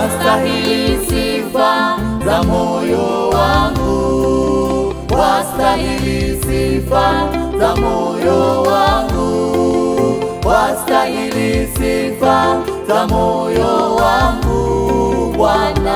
wastahili sifa za moyo wangu, wastahili sifa za moyo wangu, wastahili sifa za moyo wangu Bwana.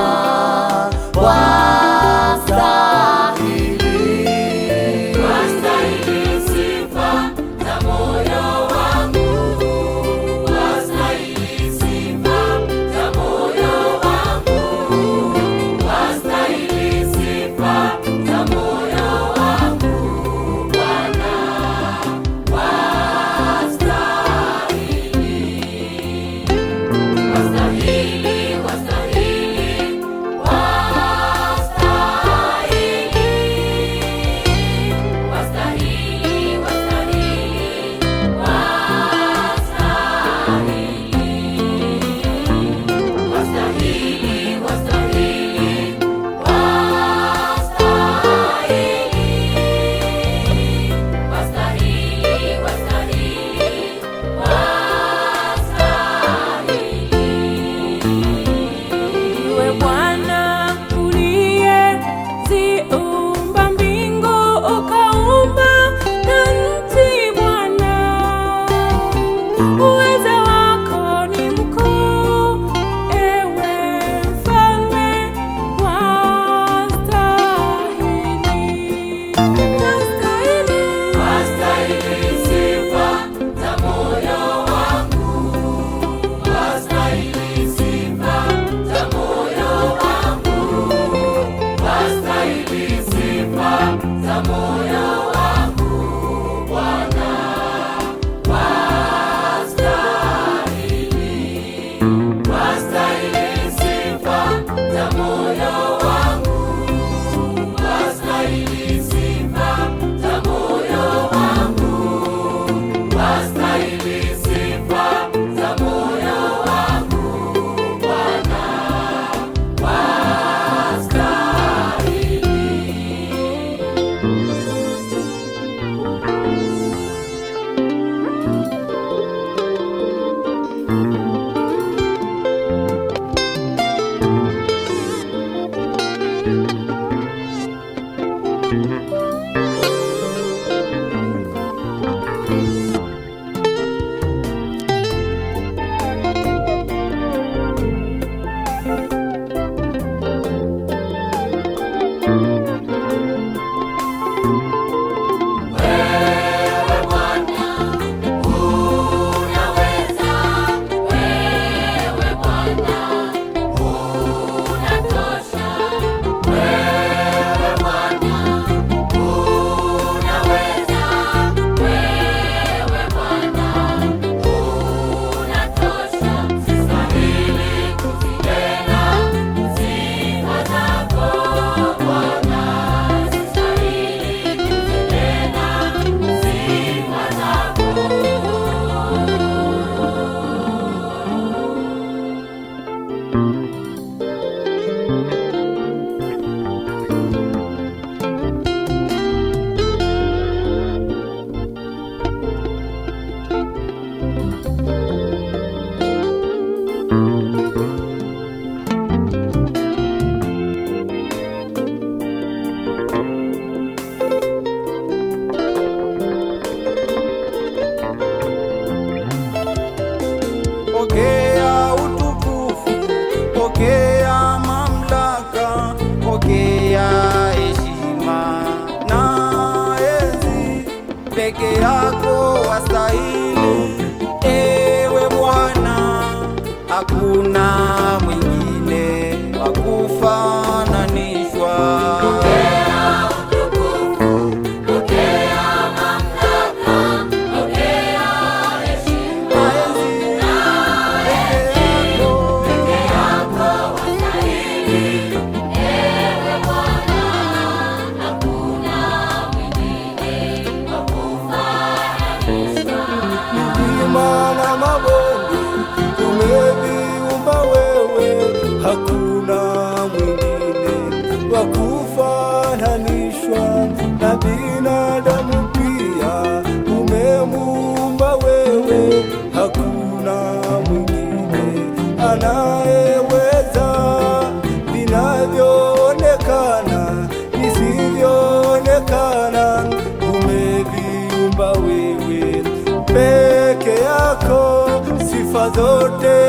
Thank you. peke yako wastahili, ewe Bwana, hakuna hakuna mwingine wa kufananishwa na binadamu, pia umemuumba wewe, hakuna mwingine anayeweza. Vinavyoonekana, visivyoonekana, umeviumba wewe peke yako, sifa zote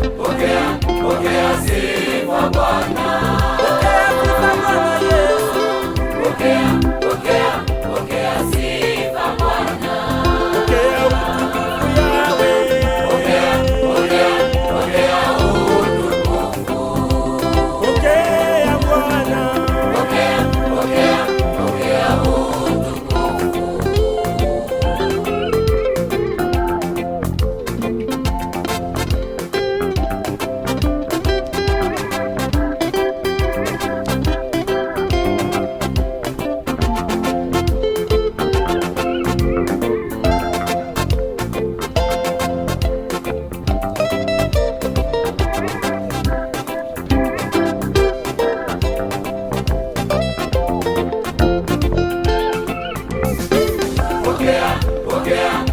pokea, pokea. pokea, pokea.